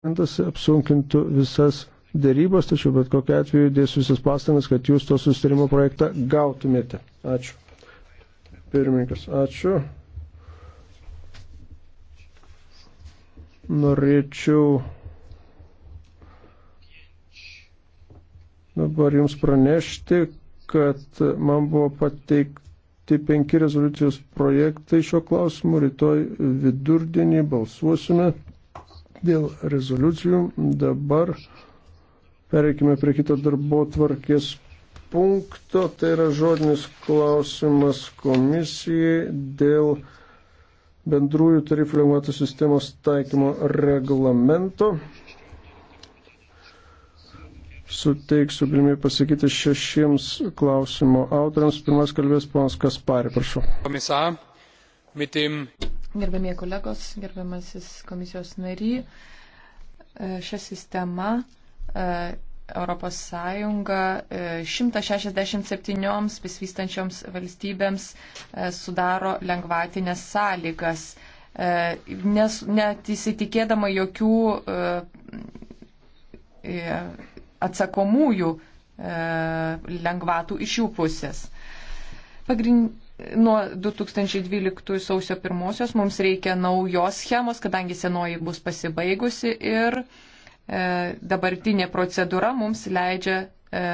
variantas apsunkintų visas dėrybas, tačiau bet kokia atveju dėsiu visas pastangas, kad jūs to sustarimo projektą gautumėte. Ačiū. Pirmininkas, ačiū. Norėčiau dabar jums pranešti, kad man buvo pateikti penki rezoliucijos projektai šio klausimu. Rytoj vidurdienį balsuosime dėl rezoliucijų. Dabar pereikime prie kito darbo tvarkės punkto. Tai yra žodinis klausimas komisijai dėl bendrųjų tarifų lengvatų sistemos taikymo reglamento. Suteiksiu galimybę pasakyti šešiems klausimo autoriams. Pirmas kalbės ponas Kasparė, prašau. Komisar, mitim. Gerbėmie kolegos, gerbiamasis komisijos nary, e, šią sistemą e, Europos Sąjunga 167 e, besivystančioms valstybėms sudaro lengvatinės sąlygas, nes net įsitikėdama jokių atsakomųjų lengvatų iš jų pusės. Pagrind nuo 2012 sausio 1 mums reikia naujos schemos, kadangi senoji bus pasibaigusi ir e, dabartinė procedūra mums leidžia e,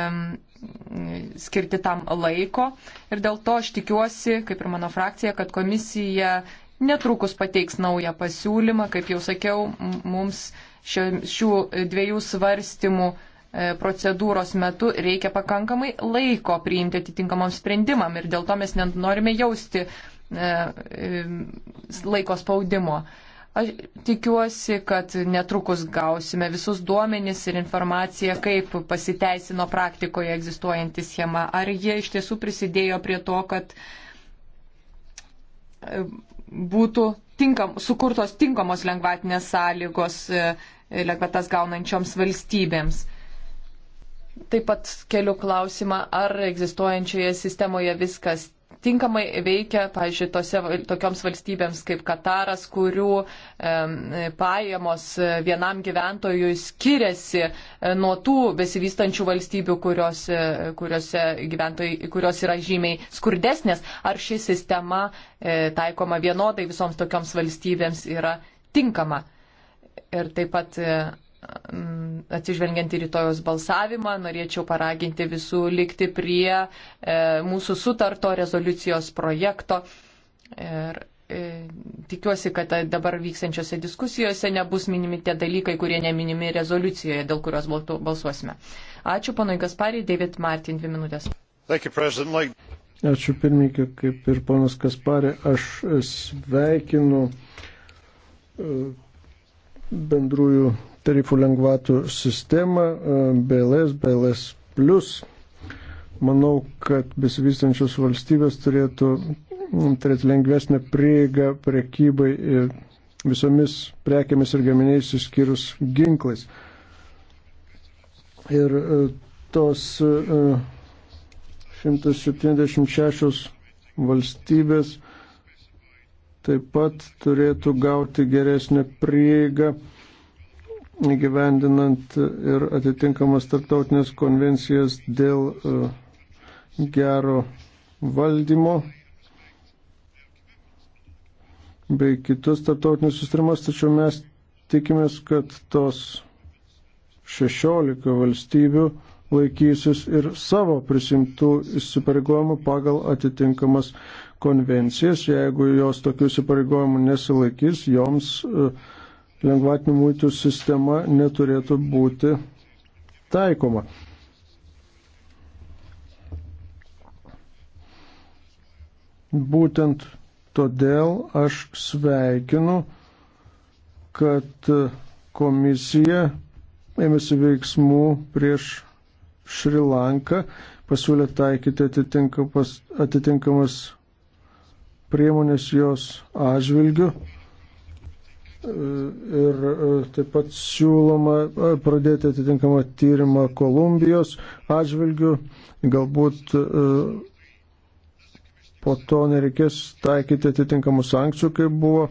skirti tam laiko. Ir dėl to aš tikiuosi, kaip ir mano frakcija, kad komisija netrukus pateiks naują pasiūlymą. Kaip jau sakiau, mums šio, šių dviejų svarstymų E, procedūros metu reikia pakankamai laiko priimti atitinkamam sprendimam ir dėl to mes nenorime jausti e, e, laiko spaudimo. Aš tikiuosi, kad netrukus gausime visus duomenys ir informaciją, kaip pasiteisino praktikoje egzistuojanti schema. Ar jie iš tiesų prisidėjo prie to, kad būtų tinkam, sukurtos tinkamos lengvatinės sąlygos lengvatas gaunančioms valstybėms. Taip pat keliu klausimą, ar egzistuojančioje sistemoje viskas tinkamai veikia, pažiūrėjau, tokioms valstybėms kaip Kataras, kurių e, pajamos vienam gyventojui skiriasi e, nuo tų besivystančių valstybių, kurios, e, kurios yra žymiai skurdesnės. Ar ši sistema e, taikoma vienodai visoms tokioms valstybėms yra tinkama? Ir taip pat. E, Mm, atsižvelgiant į rytojos balsavimą, norėčiau paraginti visų likti prie e, mūsų sutarto rezoliucijos projekto. Ir e, tikiuosi, kad dabar vykstančiose diskusijose nebus minimi tie dalykai, kurie neminimi rezoliucijoje, dėl kurios balsuosime. Ačiū, panui Gasparį, David Martin, dvi minutės. Ačiū pirmininkė, kaip ir ponas Kasparė, aš sveikinu e, bendrųjų tarifų lengvatų sistemą e, BLS, BLS. Plus. Manau, kad besivystančios valstybės turėtų turėti lengvesnę prieigą prekybai visomis prekiamis ir gaminiais išskyrus ginklais. Ir e, tos 176 e, valstybės taip pat turėtų gauti geresnę prieigą įgyvendinant ir atitinkamas tarptautinės konvencijas dėl e, gero valdymo bei kitus tarptautinius sustarimus, tačiau mes tikimės, kad tos 16 valstybių laikysis ir savo prisimtų įsipareigojimų pagal atitinkamas konvencijas. Jeigu jos tokių įsipareigojimų nesilaikys, joms uh, lengvatinių mūtų sistema neturėtų būti taikoma. Būtent todėl aš sveikinu, kad komisija ėmėsi veiksmų prieš Šri Lanką, pasiūlė taikyti atitinkamas priemonės jos atžvilgių. Ir e, taip pat siūloma e, pradėti atitinkamą tyrimą Kolumbijos atžvilgių. Galbūt e, po to nereikės taikyti atitinkamų sankcijų, kaip buvo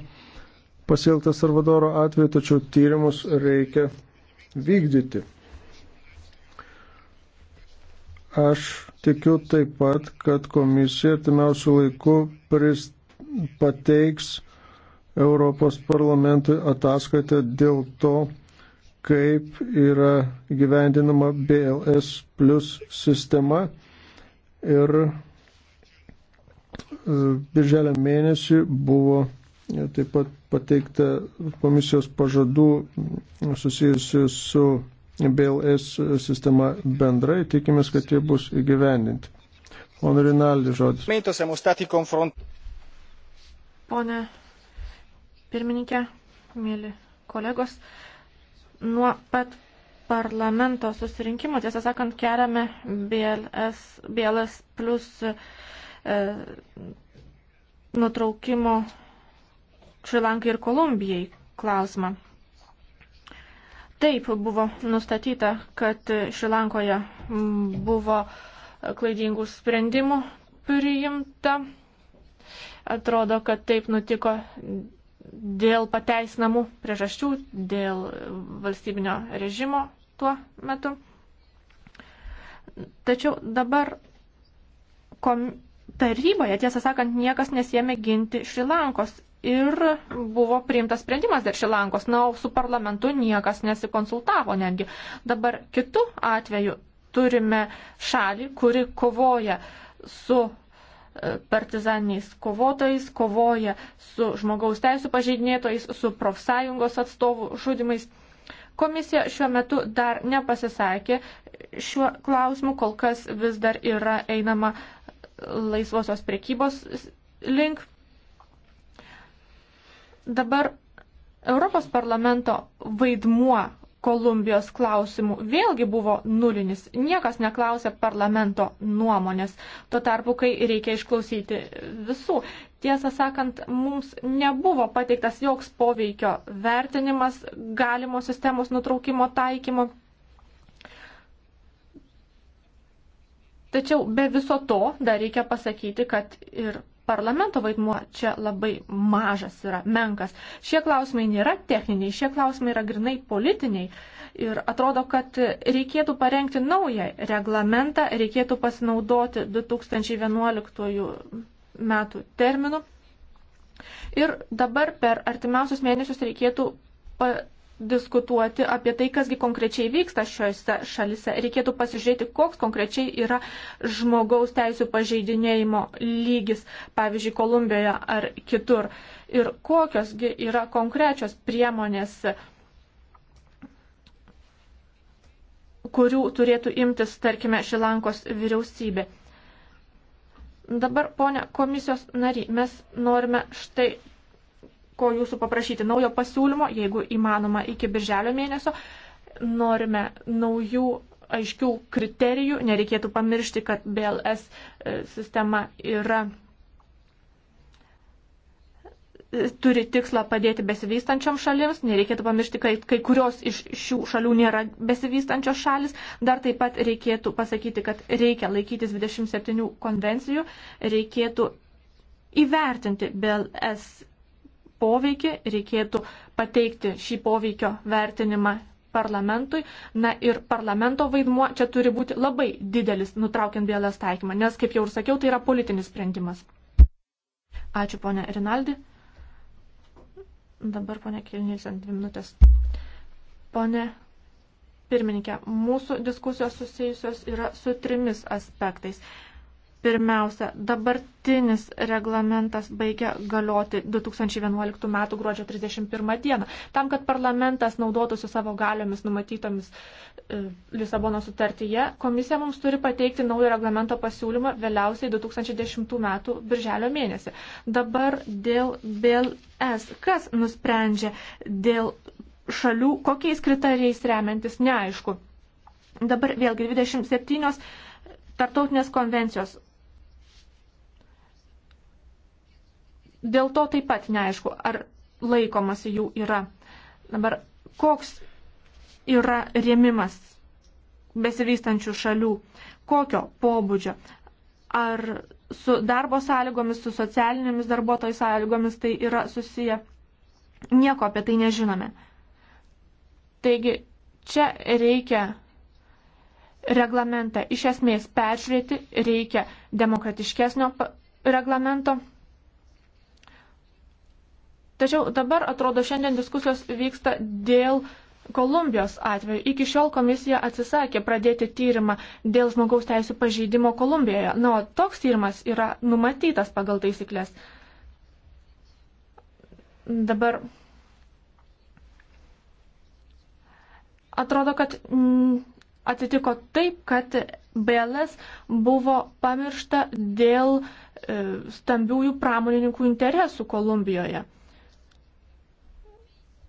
pasieltas Salvadoro atveju, tačiau tyrimus reikia vykdyti. Aš tikiu taip pat, kad komisija artimiausių laikų pateiks Europos parlamentui ataskaitą dėl to, kaip yra gyvendinama BLS plus sistema ir e, birželio mėnesį buvo e, taip pat pateikta komisijos pažadų susijusių su BLS sistema bendrai, tikimės, kad jie bus įgyvendinti. Pone Rinaldi, žodis. Pone pirmininkė, mėly kolegos. Nuo pat parlamento susirinkimo, tiesą sakant, keliame BLS, BLS plus e, nutraukimo Šrilankai ir Kolumbijai klausimą. Taip buvo nustatyta, kad Šrilankoje buvo klaidingų sprendimų priimta. Atrodo, kad taip nutiko dėl pateisinamų priežasčių, dėl valstybinio režimo tuo metu. Tačiau dabar kom... taryboje, tiesą sakant, niekas nesėmė ginti Šrilankos ir buvo priimtas sprendimas dėl Šilankos. Na, o su parlamentu niekas nesikonsultavo netgi. Dabar kitų atveju turime šalį, kuri kovoja su partizaniais kovotojais, kovoja su žmogaus teisų pažeidinėtojais, su profsąjungos atstovų žudimais. Komisija šiuo metu dar nepasisakė šiuo klausimu, kol kas vis dar yra einama laisvosios priekybos link. Dabar Europos parlamento vaidmuo Kolumbijos klausimų vėlgi buvo nulinis. Niekas neklausė parlamento nuomonės. Tuo tarpu, kai reikia išklausyti visų. Tiesą sakant, mums nebuvo pateiktas joks poveikio vertinimas galimo sistemos nutraukimo taikymo. Tačiau be viso to dar reikia pasakyti, kad ir parlamento vaidmuo čia labai mažas yra, menkas. Šie klausimai nėra techniniai, šie klausimai yra grinai politiniai. Ir atrodo, kad reikėtų parengti naują reglamentą, reikėtų pasinaudoti 2011 metų terminu. Ir dabar per artimiausius mėnesius reikėtų diskutuoti apie tai, kasgi konkrečiai vyksta šiuose šalise. Reikėtų pasižiūrėti, koks konkrečiai yra žmogaus teisų pažeidinėjimo lygis, pavyzdžiui, Kolumbijoje ar kitur. Ir kokiosgi yra konkrečios priemonės, kurių turėtų imtis, tarkime, Šilankos vyriausybė. Dabar, ponia komisijos nary, mes norime štai ko jūsų paprašyti naujo pasiūlymo, jeigu įmanoma iki birželio mėnesio. Norime naujų aiškių kriterijų, nereikėtų pamiršti, kad BLS e, sistema yra e, turi tikslą padėti besivystančiam šalims, nereikėtų pamiršti, kad kai kurios iš šių šalių nėra besivystančios šalis, dar taip pat reikėtų pasakyti, kad reikia laikytis 27 konvencijų, reikėtų įvertinti BLS poveikį, reikėtų pateikti šį poveikio vertinimą parlamentui. Na ir parlamento vaidmuo čia turi būti labai didelis, nutraukiant bėlės taikymą, nes, kaip jau ir sakiau, tai yra politinis sprendimas. Ačiū, ponė Rinaldi. Dabar, ponė Kilnys, ant dvi minutės. Pone pirmininkė, mūsų diskusijos susijusios yra su trimis aspektais. Pirmiausia, dabartinis reglamentas baigia galioti 2011 m. gruodžio 31 d. Tam, kad parlamentas naudotųsi savo galiomis numatytomis e, Lisabono sutartyje, komisija mums turi pateikti naujo reglamento pasiūlymą vėliausiai 2010 m. birželio mėnesį. Dabar dėl BLS. Kas nusprendžia dėl šalių, kokiais kriterijais remiantis, neaišku. Dabar vėlgi 27 tartautinės konvencijos dėl to taip pat neaišku, ar laikomasi jų yra. Dabar koks yra rėmimas besivystančių šalių, kokio pobūdžio, ar su darbo sąlygomis, su socialinėmis darbuotojų sąlygomis tai yra susiję. Nieko apie tai nežinome. Taigi čia reikia reglamentą iš esmės peržiūrėti, reikia demokratiškesnio reglamento Tačiau dabar atrodo šiandien diskusijos vyksta dėl Kolumbijos atveju. Iki šiol komisija atsisakė pradėti tyrimą dėl žmogaus teisų pažeidimo Kolumbijoje. Na, o toks tyrimas yra numatytas pagal taisyklės. Dabar atrodo, kad mm, atsitiko taip, kad BLS buvo pamiršta dėl e, stambiųjų pramonininkų interesų Kolumbijoje.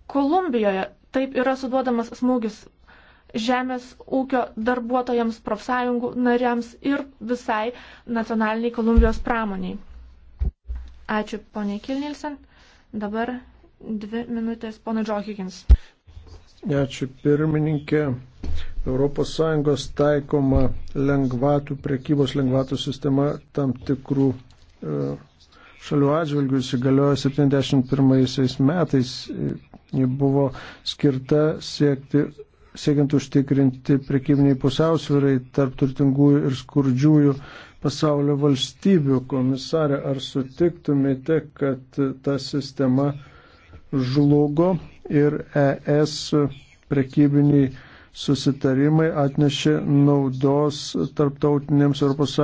Kolumbijoje taip yra suduodamas smūgis žemės ūkio darbuotojams, profsąjungų nariams ir visai nacionaliniai Kolumbijos pramoniai. Ačiū, ponė Kilnilsen. Dabar dvi minutės, ponė Džokikins. Ačiū, pirmininkė. ES taikoma lengvatų, prekybos lengvatų sistema tam tikrų e, šalių atžvilgių įsigaliojo 71 metais buvo skirta siekti, siekiant užtikrinti prekybiniai pusiausvirai tarp turtingųjų ir skurdžiųjų pasaulio valstybių. Komisarė, ar sutiktumėte, kad ta sistema žlugo ir ES prekybiniai susitarimai atnešė naudos tarptautiniams ES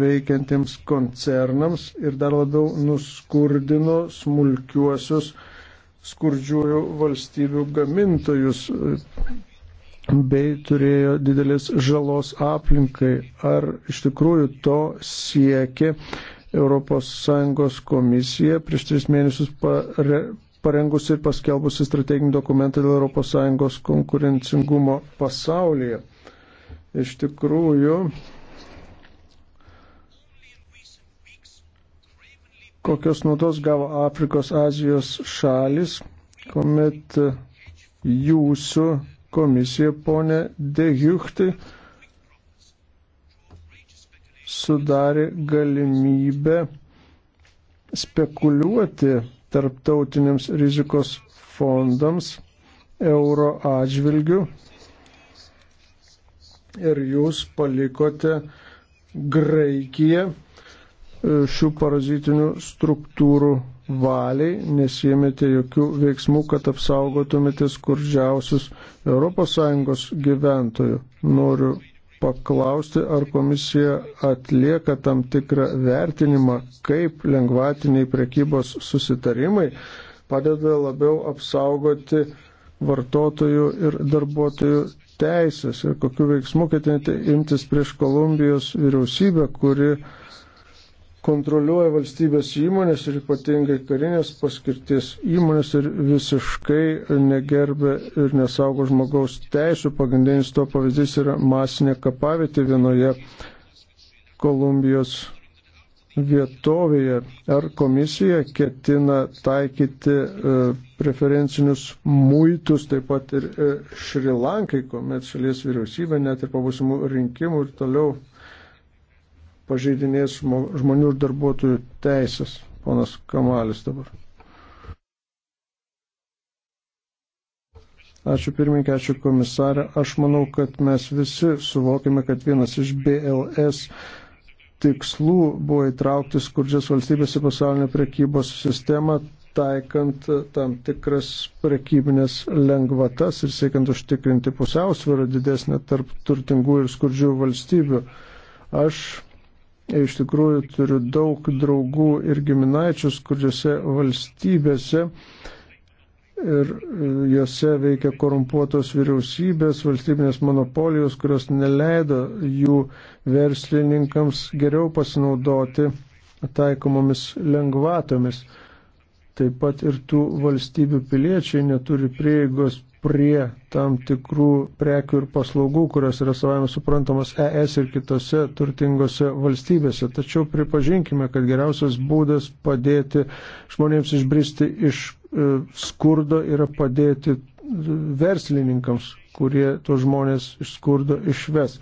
veikiantiems koncernams ir dar labiau nuskurdino smulkiuosius skurdžiųjų valstybių gamintojus bei turėjo didelės žalos aplinkai. Ar iš tikrųjų to siekia ES komisija prieš tris mėnesius pare, parengusi ir paskelbusi strateginį dokumentą dėl ES konkurencingumo pasaulyje? Iš tikrųjų, kokios naudos gavo Afrikos, Azijos šalis, kuomet jūsų komisija, ponė Degiuchtai, sudarė galimybę spekuliuoti tarptautiniams rizikos fondams euro atžvilgių ir jūs palikote Graikiją šių parazitinių struktūrų valiai, nesėmėte jokių veiksmų, kad apsaugotumėte skurdžiausius ES gyventojų. Noriu paklausti, ar komisija atlieka tam tikrą vertinimą, kaip lengvatiniai prekybos susitarimai padeda labiau apsaugoti vartotojų ir darbuotojų teisės ir kokiu veiksmu ketinate imtis prieš Kolumbijos vyriausybę, kuri uh, kontroliuoja valstybės įmonės ir ypatingai karinės paskirties įmonės ir visiškai negerbė ir nesaugo žmogaus teisų. Pagrindinis to pavyzdys yra masinė kapavietė vienoje Kolumbijos vietovėje. Ar komisija ketina taikyti e, preferencinius muitus taip pat ir e, Šrilankai, kuomet šalies vyriausybė net ir pabusimų rinkimų ir toliau pažeidinės žmonių ir darbuotojų teisės. Ponas Kamalis dabar. Ačiū pirmininkė, ačiū komisarė. Aš manau, kad mes visi suvokime, kad vienas iš BLS tikslų buvo įtraukti skurdžias valstybės į pasaulinę prekybos sistemą, taikant tam tikras prekybinės lengvatas ir siekiant užtikrinti pusiausvyrą didesnę tarp turtingų ir skurdžių valstybių. Aš Iš tikrųjų turiu daug draugų ir giminaičių skurdžiose valstybėse ir e, jose veikia korumpuotos vyriausybės, valstybinės monopolijos, kurios neleido jų verslininkams geriau pasinaudoti taikomomis lengvatomis. Taip pat ir tų valstybių piliečiai neturi prieigos prie tam tikrų prekių ir paslaugų, kurios yra savame suprantamos ES ir kitose turtingose valstybėse. Tačiau pripažinkime, kad geriausias būdas padėti žmonėms išbristi iš e, skurdo yra padėti e, verslininkams, kurie tuos žmonės iš skurdo išves.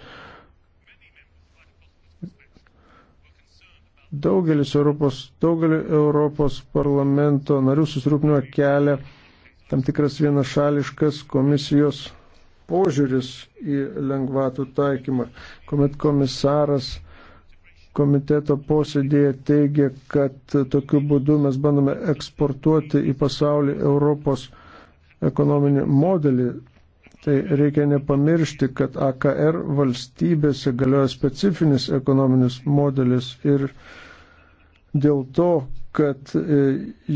Daugelis Europos, daugelį Europos parlamento narių susirūpinimą kelia tam tikras vienašališkas komisijos požiūris į lengvatų taikymą, kuomet komisaras komiteto posėdėje teigia, kad tokiu būdu mes bandome eksportuoti į pasaulį Europos ekonominį modelį. Tai reikia nepamiršti, kad AKR valstybėse galioja specifinis ekonominis modelis ir dėl to kad e,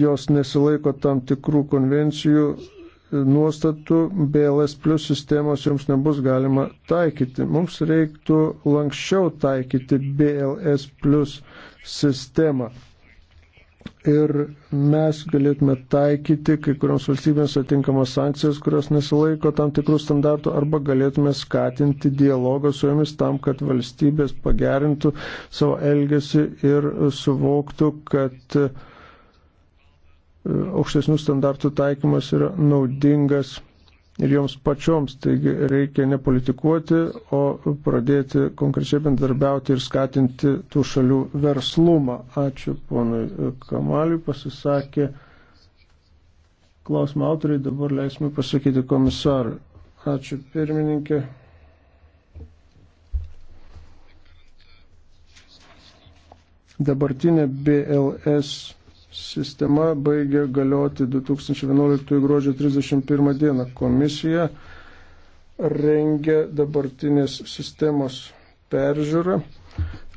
jos nesilaiko tam tikrų konvencijų e, nuostatų BLS plus sistemos jums nebus galima taikyti. Mums reiktų lankščiau taikyti BLS plus sistemą ir mes galėtume taikyti kai kurioms valstybėms atinkamas sankcijas, kurios nesilaiko tam tikrų standartų, arba galėtume skatinti dialogą su jomis tam, kad valstybės pagerintų savo elgesį ir suvoktų, kad e, aukštesnių standartų taikymas yra naudingas ir joms pačioms. Taigi reikia nepolitikuoti, o pradėti konkrečiai bendarbiauti ir skatinti tų šalių verslumą. Ačiū ponui Kamaliui, pasisakė klausimą autoriai, dabar leisime pasakyti komisarui. Ačiū pirmininkė. Dabartinė BLS sistema baigė galioti 2011 gruodžio 31 dieną. Komisija rengia dabartinės sistemos peržiūrą.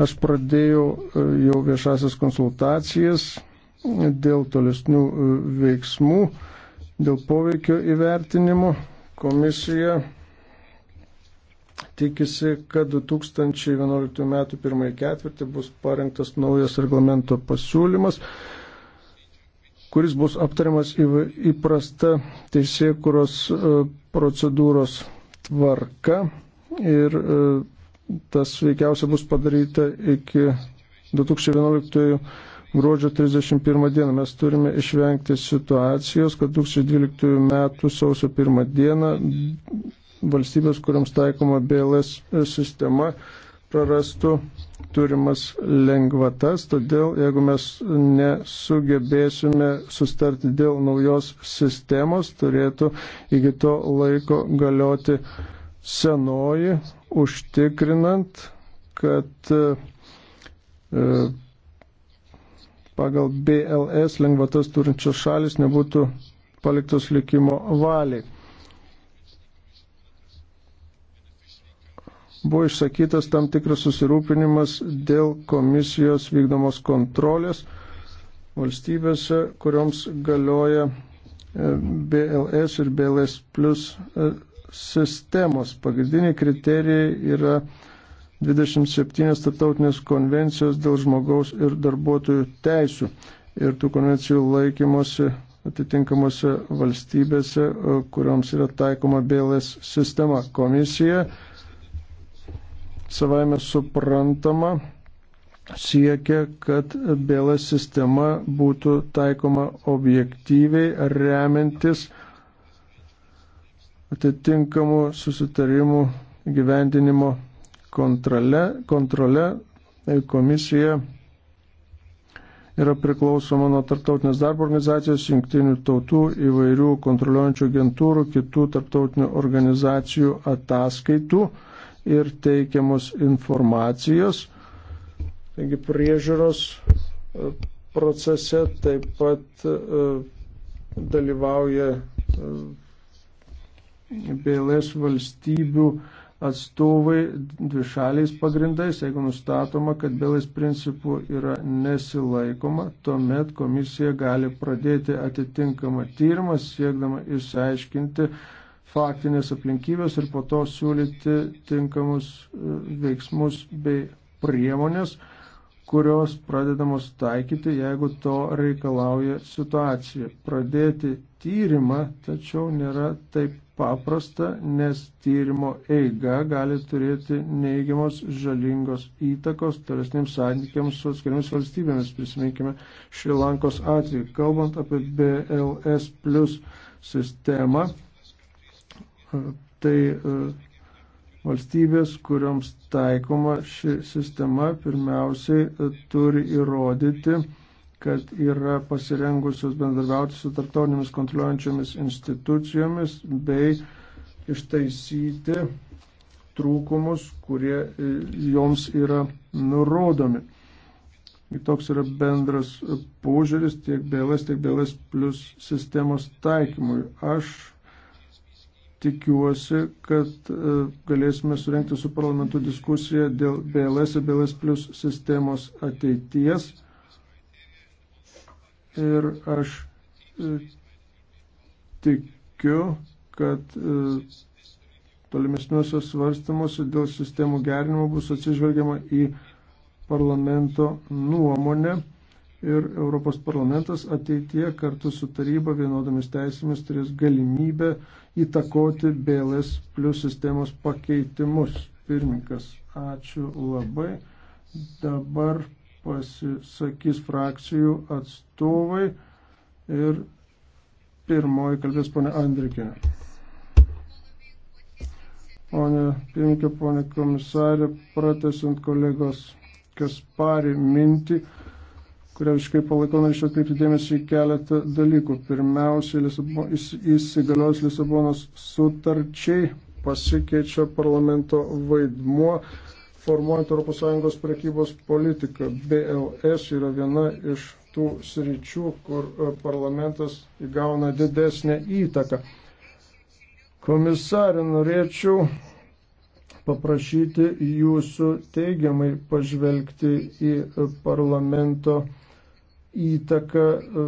Aš pradėjau e, jau viešasias konsultacijas dėl tolesnių e, veiksmų, dėl poveikio įvertinimo. Komisija tikisi, kad 2011 m. pirmąjį ketvirtį bus parengtas naujas reglamento pasiūlymas kuris bus aptariamas įprasta teisėkuros e, procedūros tvarka ir e, tas veikiausia bus padaryta iki 2011 gruodžio 31 dieną. Mes turime išvengti situacijos, kad 2012 metų sausio 1 dieną valstybės, kuriams taikoma BLS sistema, prarastų turimas lengvatas, todėl jeigu mes nesugebėsime sustarti dėl naujos sistemos, turėtų iki to laiko galioti senoji, užtikrinant, kad e, pagal BLS lengvatas turinčios šalis nebūtų paliktos likimo valiai. buvo išsakytas tam tikras susirūpinimas dėl komisijos vykdomos kontrolės valstybėse, kurioms galioja e, BLS ir BLS plus e, sistemos. Pagrindiniai kriterijai yra 27 tarptautinės konvencijos dėl žmogaus ir darbuotojų teisų ir tų konvencijų laikymosi atitinkamose valstybėse, e, kurioms yra taikoma BLS sistema. Komisija savaime suprantama siekia, kad BLS sistema būtų taikoma objektyviai remiantis atitinkamų susitarimų gyvendinimo kontrole, kontrole komisija yra priklausoma nuo tarptautinės darbo organizacijos, jungtinių tautų, įvairių kontroliuojančių agentūrų, kitų tarptautinių organizacijų ataskaitų ir teikiamos informacijos. Taigi priežiūros e, procese taip pat e, dalyvauja e, BLS valstybių atstovai dvišaliais pagrindais, jeigu nustatoma, kad bėlais principų yra nesilaikoma, tuomet komisija gali pradėti atitinkamą tyrimą, siekdama išsiaiškinti, faktinės aplinkybės ir po to siūlyti tinkamus e, veiksmus bei priemonės, kurios pradedamos taikyti, jeigu to reikalauja situacija. Pradėti tyrimą, tačiau nėra taip paprasta, nes tyrimo eiga gali turėti neigiamos žalingos įtakos tolesniems santykiams su atskiriamis valstybėmis. Prisiminkime Šrilankos atveju. Kalbant apie BLS plus sistemą, tai e, valstybės, kuriams taikoma ši sistema, pirmiausiai e, turi įrodyti, kad yra pasirengusios bendradarbiauti su tarptautinėmis kontroliuojančiomis institucijomis bei ištaisyti trūkumus, kurie e, joms yra nurodomi. Toks yra bendras požiūris tiek BLS, tiek BLS plus sistemos taikymui. Aš tikiuosi, kad e, galėsime surenkti su parlamentu diskusiją dėl BLS ir BLS plus sistemos ateities. Ir aš e, tikiu, kad e, tolimesniuose svarstymuose dėl sistemų gerinimo bus atsižvelgiama į parlamento nuomonę ir Europos parlamentas ateitie kartu su taryba vienodomis teisėmis turės galimybę įtakoti BLS plus sistemos pakeitimus. Pirmininkas, ačiū labai. Dabar pasisakys frakcijų atstovai ir pirmoji kalbės ponė Andrikinė. Pone pirmininkė, ponė komisarė, pratesant kolegos Kasparį mintį, kurią visiškai palaikau, norėčiau atkreipti dėmesį į keletą dalykų. Pirmiausia, Lisabono, įsigaliojus Lisabonos sutarčiai pasikeičia parlamento vaidmuo formuojant ES prekybos politiką. BLS yra viena iš tų sričių, kur e, parlamentas įgauna didesnę įtaką. Komisarė, norėčiau paprašyti jūsų teigiamai pažvelgti į e, parlamento įtaką e,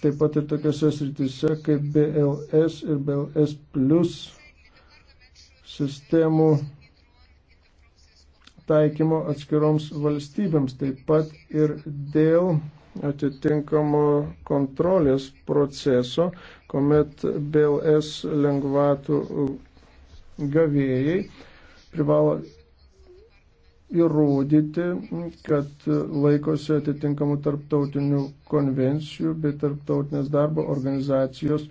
taip pat ir tokiose srityse kaip BLS ir BLS plus sistemų taikymo atskiroms valstybėms, taip pat ir dėl atitinkamo kontrolės proceso, kuomet BLS lengvatų gavėjai privalo įrodyti, kad laikosi atitinkamų tarptautinių konvencijų bei tarptautinės darbo organizacijos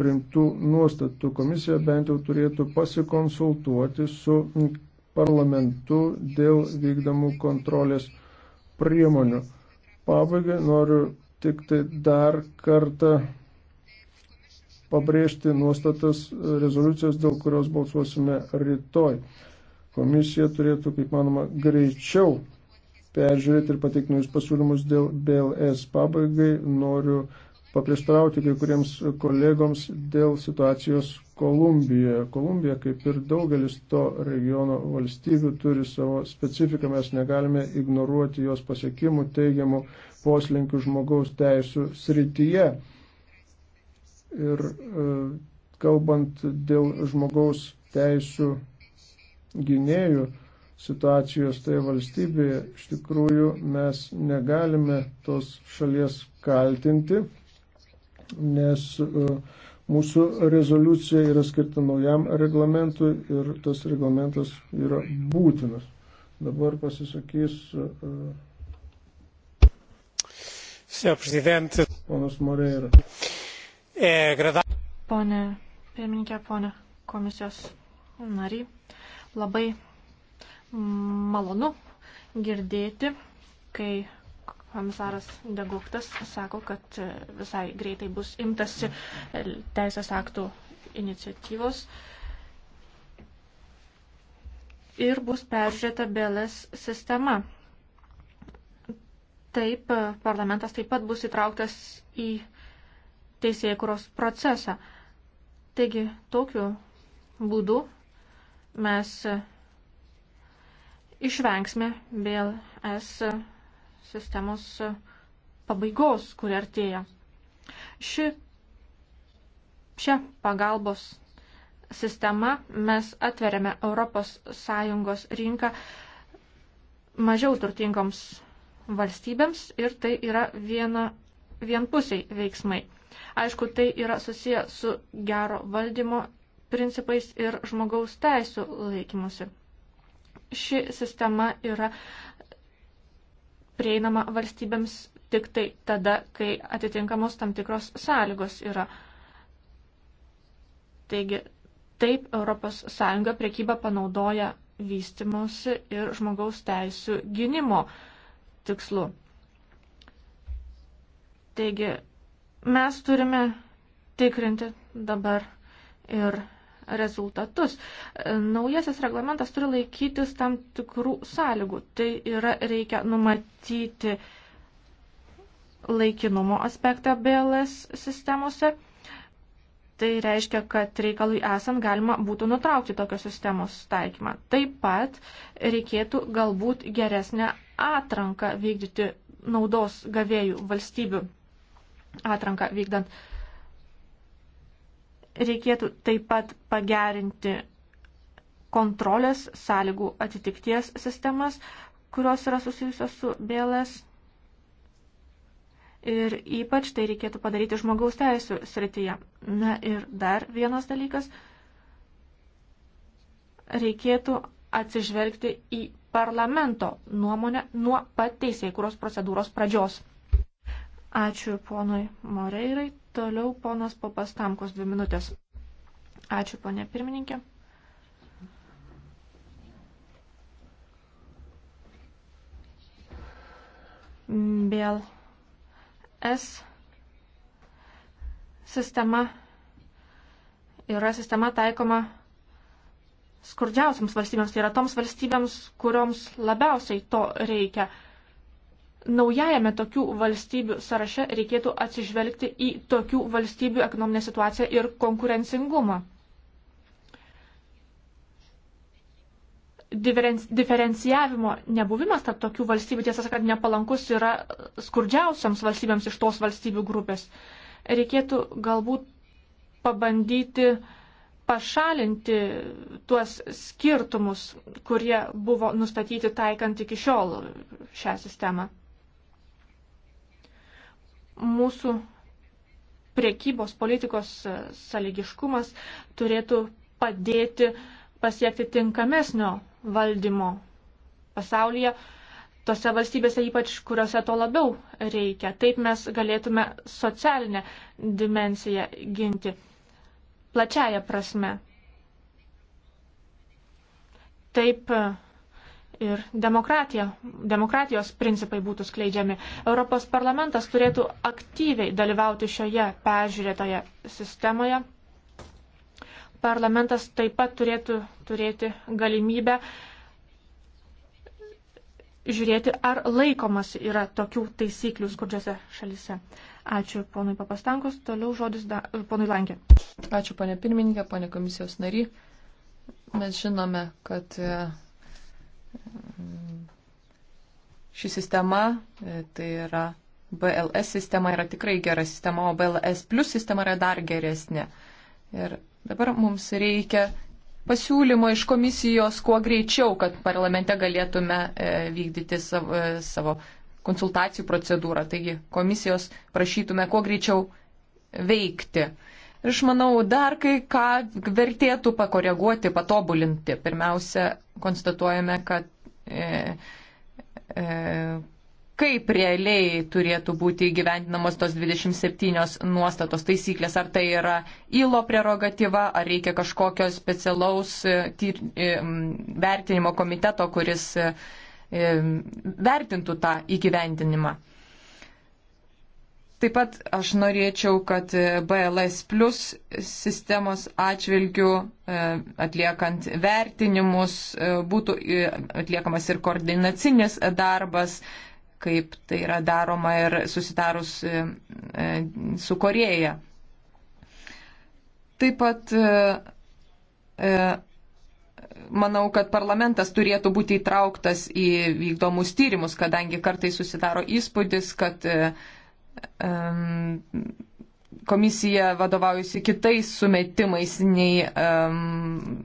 primtų nuostatų. Komisija bent jau turėtų pasikonsultuoti su parlamentu dėl vykdomų kontrolės priemonių. Pabaigai noriu tik tai dar kartą pabrėžti nuostatas rezoliucijos, dėl kurios balsuosime rytoj. Komisija turėtų, kaip manoma, greičiau peržiūrėti ir pateikti naujus pasiūlymus dėl BLS. Pabaigai noriu paprieštarauti kai kuriems kolegoms dėl situacijos Kolumbijoje. Kolumbija, kaip ir daugelis to regiono valstybių, turi savo specifiką, mes negalime ignoruoti jos pasiekimų, teigiamų poslinkių žmogaus teisų srityje. Ir e, kalbant dėl žmogaus teisų gynėjų situacijos toje valstybėje, iš tikrųjų mes negalime tos šalies kaltinti, nes e, mūsų rezoliucija yra skirta naujam reglamentui ir tas reglamentas yra būtinas. Dabar pasisakys. E, ponas Moreira. Pone pirmininkė, pone komisijos nariai. Labai malonu girdėti, kai komisaras Deguktas sako, kad e, visai greitai bus imtasi teisės aktų iniciatyvos ir bus peržiūrėta BLS sistema. Taip, e, parlamentas taip pat bus įtrauktas į teisėjų kuros procesą. Taigi, tokiu būdu mes išvengsime BLS sistemos pabaigos, kuri artėja. Ši, šią pagalbos sistemą mes atveriame ES rinką mažiau turtingoms valstybėms ir tai yra viena, vienpusiai veiksmai. Aišku, tai yra susiję su gero valdymo principais ir žmogaus teisų laikymusi. Ši sistema yra prieinama valstybėms tik tai tada, kai atitinkamos tam tikros sąlygos yra. Taigi, taip ES priekybą panaudoja vystimosi ir žmogaus teisų gynimo tikslu. Taigi, mes turime tikrinti dabar ir rezultatus. Naujasis reglamentas turi laikytis tam tikrų sąlygų. Tai yra reikia numatyti laikinumo aspektą BLS sistemose. Tai reiškia, kad reikalui esant galima būtų nutraukti tokios sistemos taikymą. Taip pat reikėtų galbūt geresnę atranką vykdyti naudos gavėjų valstybių atranką vykdant Reikėtų taip pat pagerinti kontrolės sąlygų atitikties sistemas, kurios yra susijusios su BLS. Ir ypač tai reikėtų padaryti žmogaus teisų srityje. Na ir dar vienas dalykas. Reikėtų atsižvelgti į parlamento nuomonę nuo pat teisėjų, kurios procedūros pradžios. Ačiū ponui Moreirai. Toliau ponas Papastamkos dvi minutės. Ačiū ponė pirmininkė. Bėl S sistema yra sistema taikoma skurdžiausiams valstybėms, tai yra toms valstybėms, kurioms labiausiai to reikia naujajame tokių valstybių sąraše reikėtų atsižvelgti į tokių valstybių ekonominę situaciją ir konkurencingumą. Diferencijavimo nebuvimas tarp tokių valstybių, tiesą sakant, nepalankus yra skurdžiausiams valstybėms iš tos valstybių grupės. Reikėtų galbūt pabandyti pašalinti tuos skirtumus, kurie buvo nustatyti taikant iki šiol šią sistemą mūsų priekybos politikos sąlygiškumas turėtų padėti pasiekti tinkamesnio valdymo pasaulyje, tose valstybėse ypač, kuriuose to labiau reikia. Taip mes galėtume socialinę dimensiją ginti plačiaja prasme. Taip ir demokratija, demokratijos principai būtų skleidžiami. Europos parlamentas turėtų aktyviai dalyvauti šioje peržiūrėtoje sistemoje. Parlamentas taip pat turėtų turėti galimybę žiūrėti, ar laikomas yra tokių taisyklių skurdžiose šalise. Ačiū ponui Papastankos, toliau žodis da, ponui Lankė. Ačiū ponė pirmininkė, ponė komisijos nary. Mes žinome, kad e, Ši sistema, e, tai yra BLS sistema, yra tikrai gera sistema, o BLS plus sistema yra dar geresnė. Ir dabar mums reikia pasiūlymo iš komisijos kuo greičiau, kad parlamente galėtume e, vykdyti savo, e, savo konsultacijų procedūrą. Taigi komisijos prašytume kuo greičiau veikti. Ir aš manau, dar kai ką vertėtų pakoreguoti, patobulinti. Pirmiausia, konstatuojame, kad e, e, kaip realiai turėtų būti įgyvendinamos tos 27 nuostatos taisyklės. Ar tai yra įlo prerogatyva, ar reikia kažkokio specialaus e, tyr, e, vertinimo komiteto, kuris e, vertintų tą įgyvendinimą. Taip pat aš norėčiau, kad BLS plus sistemos atžvilgių e, atliekant vertinimus e, būtų e, atliekamas ir koordinacinis darbas, kaip tai yra daroma ir susitarus su Koreja. Taip pat manau, kad parlamentas turėtų būti įtrauktas į vykdomus tyrimus, kadangi kartai susidaro įspūdis, kad um, komisija vadovaujusi kitais sumetimais nei um,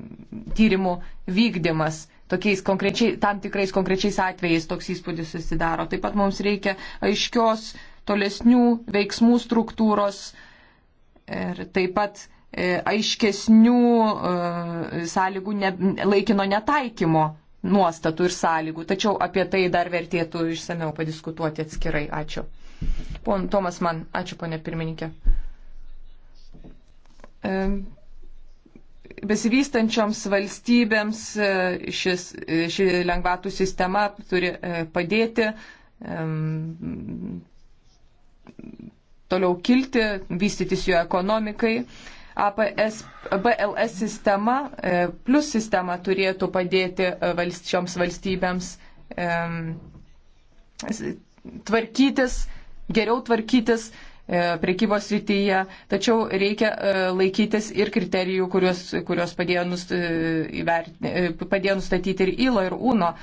tyrimų vykdymas. Tokiais konkrečiai, tam tikrais konkrečiais atvejais toks įspūdis susidaro. Taip pat mums reikia aiškios tolesnių veiksmų struktūros ir taip pat e, aiškesnių e, sąlygų ne, laikino netaikymo nuostatų ir sąlygų. Tačiau apie tai dar vertėtų išsameu padiskutuoti atskirai. Ačiū. Pon, Tomas man, ačiū ponė pirmininkė. E, besivystančioms valstybėms e, šis, e, ši lengvatų sistema turi padėti toliau kilti, vystytis jo ekonomikai. APS, BLS sistema plus sistema turėtų padėti valst, šioms valstybėms tvarkytis geriau tvarkytis e, priekybos rytyje, tačiau reikia e, laikytis ir kriterijų, kuriuos, kuriuos padėjo, nust, e, padėjo nustatyti ir ILO, ir UNO.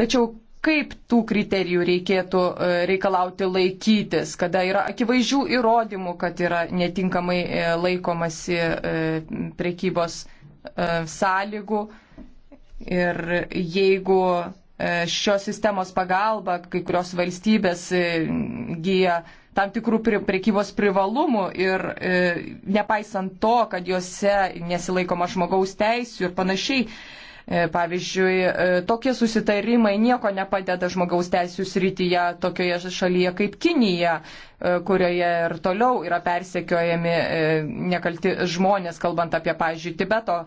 Tačiau kaip tų kriterijų reikėtų reikalauti laikytis, kada yra akivaizdžių įrodymų, kad yra netinkamai laikomasi priekybos sąlygų ir jeigu E, šios sistemos pagalba kai kurios valstybės e, gyja tam tikrų priekybos privalumų ir e, nepaisant to, kad juose nesilaikoma žmogaus teisų ir panašiai. Pavyzdžiui, tokie susitarimai nieko nepadeda žmogaus teisų srityje tokioje šalyje kaip Kinija, kurioje ir toliau yra persekiojami nekalti žmonės, kalbant apie, pavyzdžiui, Tibeto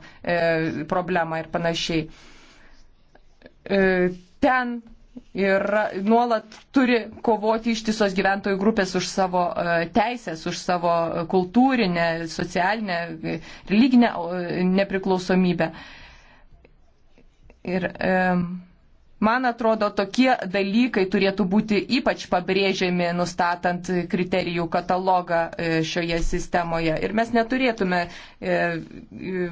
problemą ir panašiai. E, ten ir nuolat turi kovoti ištisos gyventojų grupės už savo e, teisės, už savo kultūrinę, socialinę, religinę nepriklausomybę. Ir e, man atrodo, tokie dalykai turėtų būti ypač pabrėžiami, nustatant kriterijų katalogą e, šioje sistemoje. Ir mes neturėtume e, e,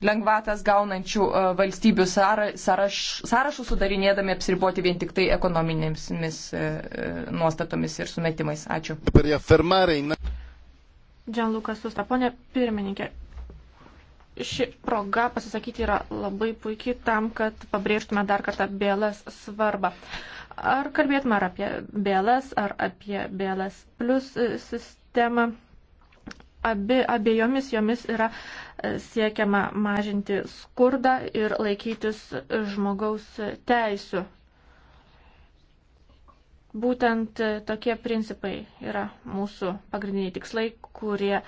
lengvatas gaunančių e, valstybių sąraš, sąrašų sudarinėdami apsiriboti vien tik tai ekonominėmis e, e, nuostatomis ir sumetimais. Ačiū. Džianlukas Susta, ponė pirmininkė, ši proga pasisakyti yra labai puikiai tam, kad pabrėžtume dar kartą bėlas svarbą. Ar kalbėtume ar apie bėlas, ar apie bėlas plus sistemą? abi, abiejomis jomis yra e, siekiama mažinti skurdą ir laikytis žmogaus teisų. Būtent e, tokie principai yra mūsų pagrindiniai tikslai, kurie,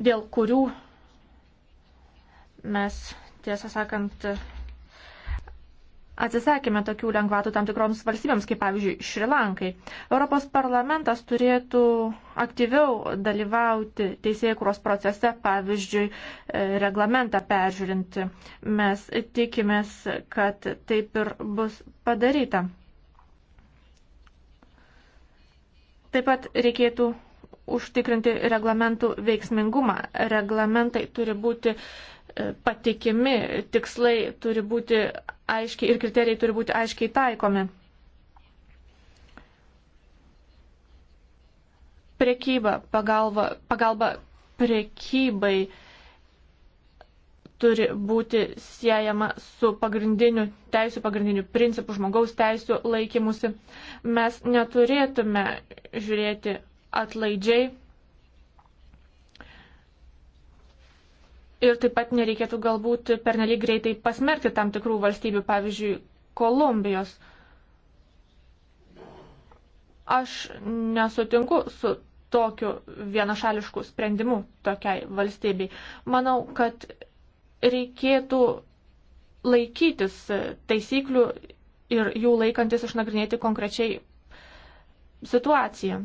dėl kurių mes, tiesą sakant, atsisakėme tokių lengvatų tam tikroms valstybėms, kaip pavyzdžiui Šrilankai. Europos parlamentas turėtų aktyviau dalyvauti teisėjų kūros procese, pavyzdžiui, e, reglamentą peržiūrinti. Mes tikimės, kad taip ir bus padaryta. Taip pat reikėtų užtikrinti reglamentų veiksmingumą. Reglamentai turi būti patikimi, tikslai turi būti aiškiai ir kriterijai turi būti aiškiai taikomi. Prekyba, pagalba, pagalba prekybai turi būti siejama su pagrindiniu teisų, pagrindiniu principu žmogaus teisų laikymusi. Mes neturėtume žiūrėti atlaidžiai Ir taip pat nereikėtų galbūt pernelyg greitai pasmerkti tam tikrų valstybių, pavyzdžiui, Kolumbijos. Aš nesutinku su tokiu vienašališku sprendimu tokiai valstybei. Manau, kad reikėtų laikytis taisyklių ir jų laikantis išnagrinėti konkrečiai situaciją.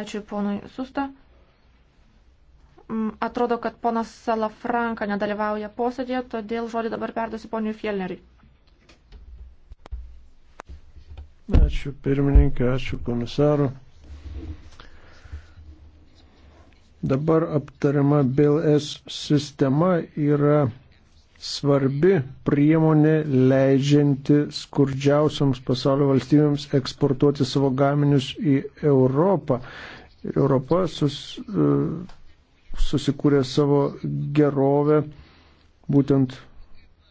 Ačiū ponui Susta. Mm, atrodo, kad ponas Salafranka nedalyvauja posėdėje, todėl žodį dabar perduosiu poniui Fielneriui. Ačiū pirmininkai, ačiū komisaru. Dabar aptariama BLS sistema yra svarbi priemonė leidžianti skurdžiausiams pasaulio valstybėms eksportuoti savo gaminius į Europą. Europa sus, uh, susikūrė savo gerovę būtent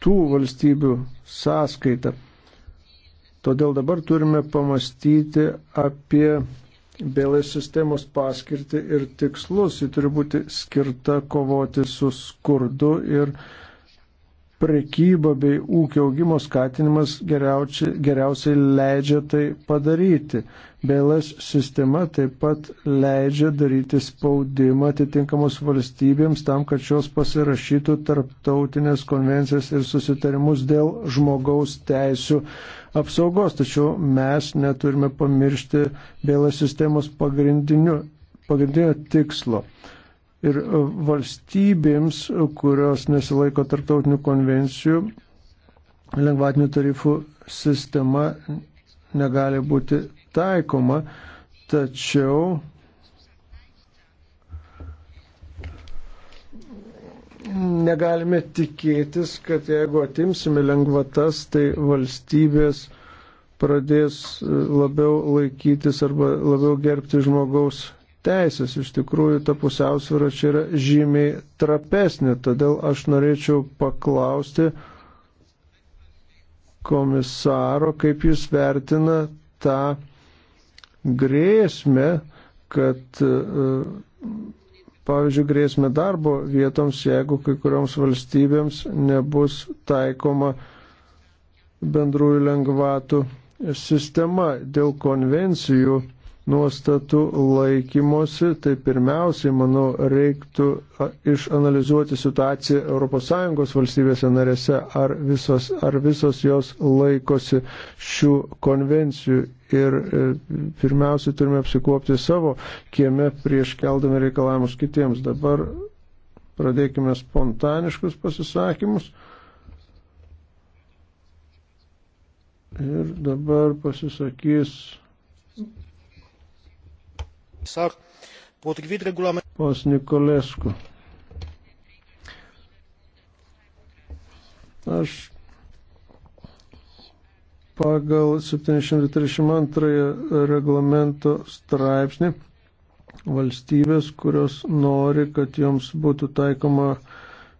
tų valstybių sąskaitą. Todėl dabar turime pamastyti apie bėlės sistemos paskirtį ir tikslus. Ji turi būti skirta kovoti su skurdu ir uh, prekyba bei ūkio augimo skatinimas geriausiai, geriausiai leidžia tai padaryti. BLS sistema taip pat leidžia daryti spaudimą atitinkamos valstybėms tam, kad šios pasirašytų tarptautinės konvencijas ir susitarimus dėl žmogaus teisų apsaugos. Tačiau mes neturime pamiršti BLS sistemos pagrindinio tikslo ir e, valstybėms, kurios nesilaiko tarptautinių konvencijų, lengvatinių tarifų sistema negali būti taikoma, tačiau negalime tikėtis, kad jeigu atimsime lengvatas, tai valstybės pradės e, labiau laikytis arba labiau gerbti žmogaus teisės. Iš tikrųjų, ta pusiausvėra čia yra žymiai trapesnė, todėl aš norėčiau paklausti komisaro, kaip jis vertina tą grėsmę, kad, e, pavyzdžiui, grėsmę darbo vietoms, jeigu kai kurioms valstybėms nebus taikoma bendrųjų lengvatų sistema dėl konvencijų nuostatų laikymosi, tai pirmiausiai, manau, reiktų išanalizuoti situaciją ES valstybėse narėse, ar visos, ar visos jos laikosi šių konvencijų. Ir e, pirmiausiai turime apsikuopti savo kieme prieš keldami reikalavimus kitiems. Dabar pradėkime spontaniškus pasisakymus. Ir dabar pasisakys Pos Nikolesku. Aš pagal 732 reglamento straipsnį valstybės, kurios nori, kad joms būtų taikoma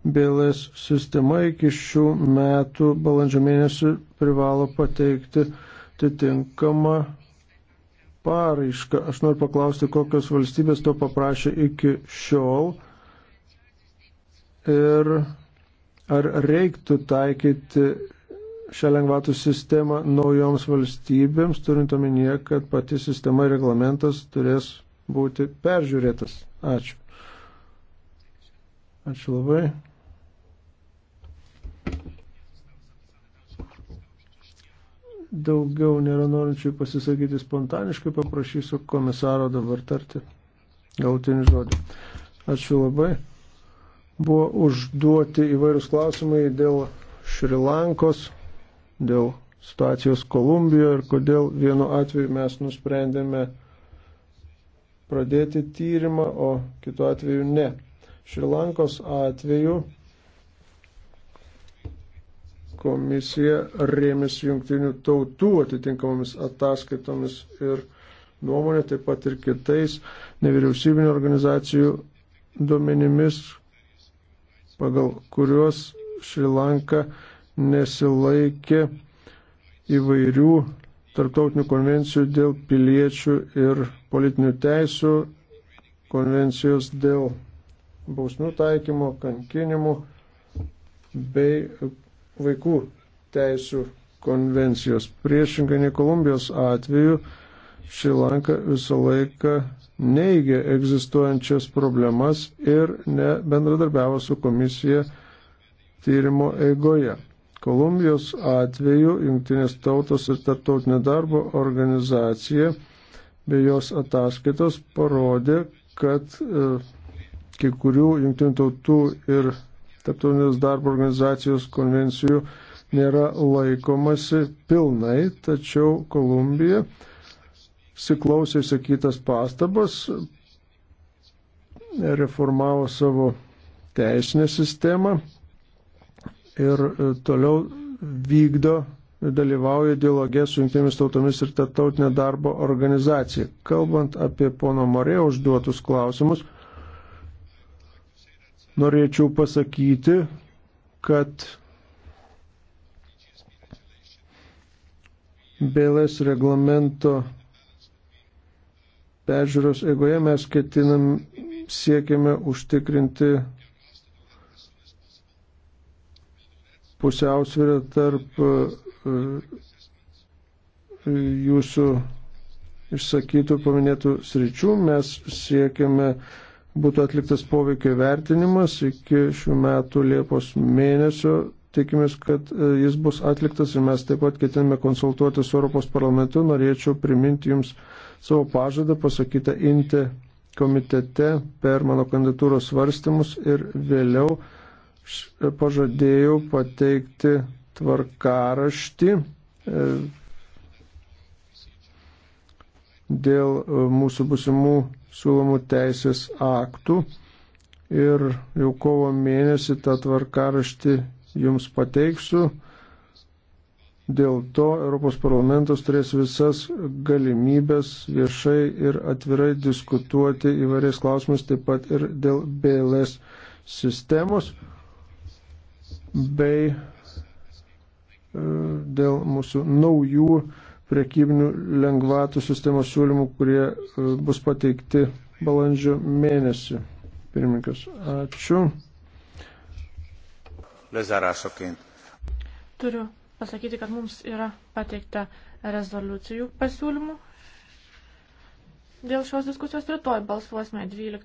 BLS sistema iki šių metų balandžio mėnesį privalo pateikti atitinkamą paraišką. Aš noriu paklausti, kokios valstybės to paprašė iki šiol ir ar reiktų taikyti šią lengvatų sistemą naujoms valstybėms, turint omenyje, kad pati sistema ir reglamentas turės būti peržiūrėtas. Ačiū. Ačiū labai. Daugiau nėra norinčių pasisakyti spontaniškai, paprašysiu komisaro dabar tarti gautinį žodį. Ačiū labai. Buvo užduoti įvairūs klausimai dėl Šrilankos, dėl situacijos Kolumbijoje ir kodėl vienu atveju mes nusprendėme pradėti tyrimą, o kitu atveju ne. Šrilankos atveju komisija rėmėsi jungtinių tautų atitinkamomis ataskaitomis ir nuomonė, taip pat ir kitais nevyriausybinio organizacijų duomenimis, pagal kuriuos Šrilanka nesilaikė įvairių tarptautinių konvencijų dėl piliečių ir politinių teisų, konvencijos dėl bausmių taikymo, kankinimų bei vaikų teisų konvencijos. Priešingai nei Kolumbijos atveju, Šilanka visą laiką neigia egzistuojančias problemas ir nebendradarbiavo su komisija tyrimo eigoje. Kolumbijos atveju Junktinės tautos ir tarptautinė darbo organizacija bei jos ataskaitos parodė, kad e, kai kurių Junktinių tautų ir Tarptautinės darbo organizacijos konvencijų nėra laikomasi pilnai, tačiau Kolumbija siklausė įsakytas pastabas, reformavo savo teisinę sistemą ir e, toliau vykdo, dalyvauja dialogė su jungtinėmis tautomis ir tarptautinė darbo organizacija. Kalbant apie pono Morėjo užduotus klausimus, norėčiau pasakyti, kad BLS reglamento peržiūros egoje mes ketinam siekiame užtikrinti pusiausvyrę tarp e, jūsų išsakytų paminėtų sričių. Mes siekiame būtų atliktas poveikio vertinimas iki šių metų Liepos mėnesio. Tikimės, kad e, jis bus atliktas ir mes taip pat ketiname konsultuoti su Europos parlamentu. Norėčiau priminti Jums savo pažadą pasakytą INTE komitete per mano kandidatūros svarstymus ir vėliau e, pažadėjau pateikti tvarkaraštį e, dėl mūsų busimų siūlomų teisės aktų ir jau kovo mėnesį tą tvarkaraštį jums pateiksiu. Dėl to Europos parlamentas turės visas galimybės viešai ir atvirai diskutuoti įvairiais klausimais, taip pat ir dėl BLS sistemos bei e, dėl mūsų naujų priekybinių lengvatų sistemos siūlymų, kurie e, bus pateikti balandžio mėnesį. Pirmininkas, ačiū. Turiu pasakyti, kad mums yra pateikta rezoliucijų pasiūlymų. Dėl šios diskusijos rytoj balsuosime 12.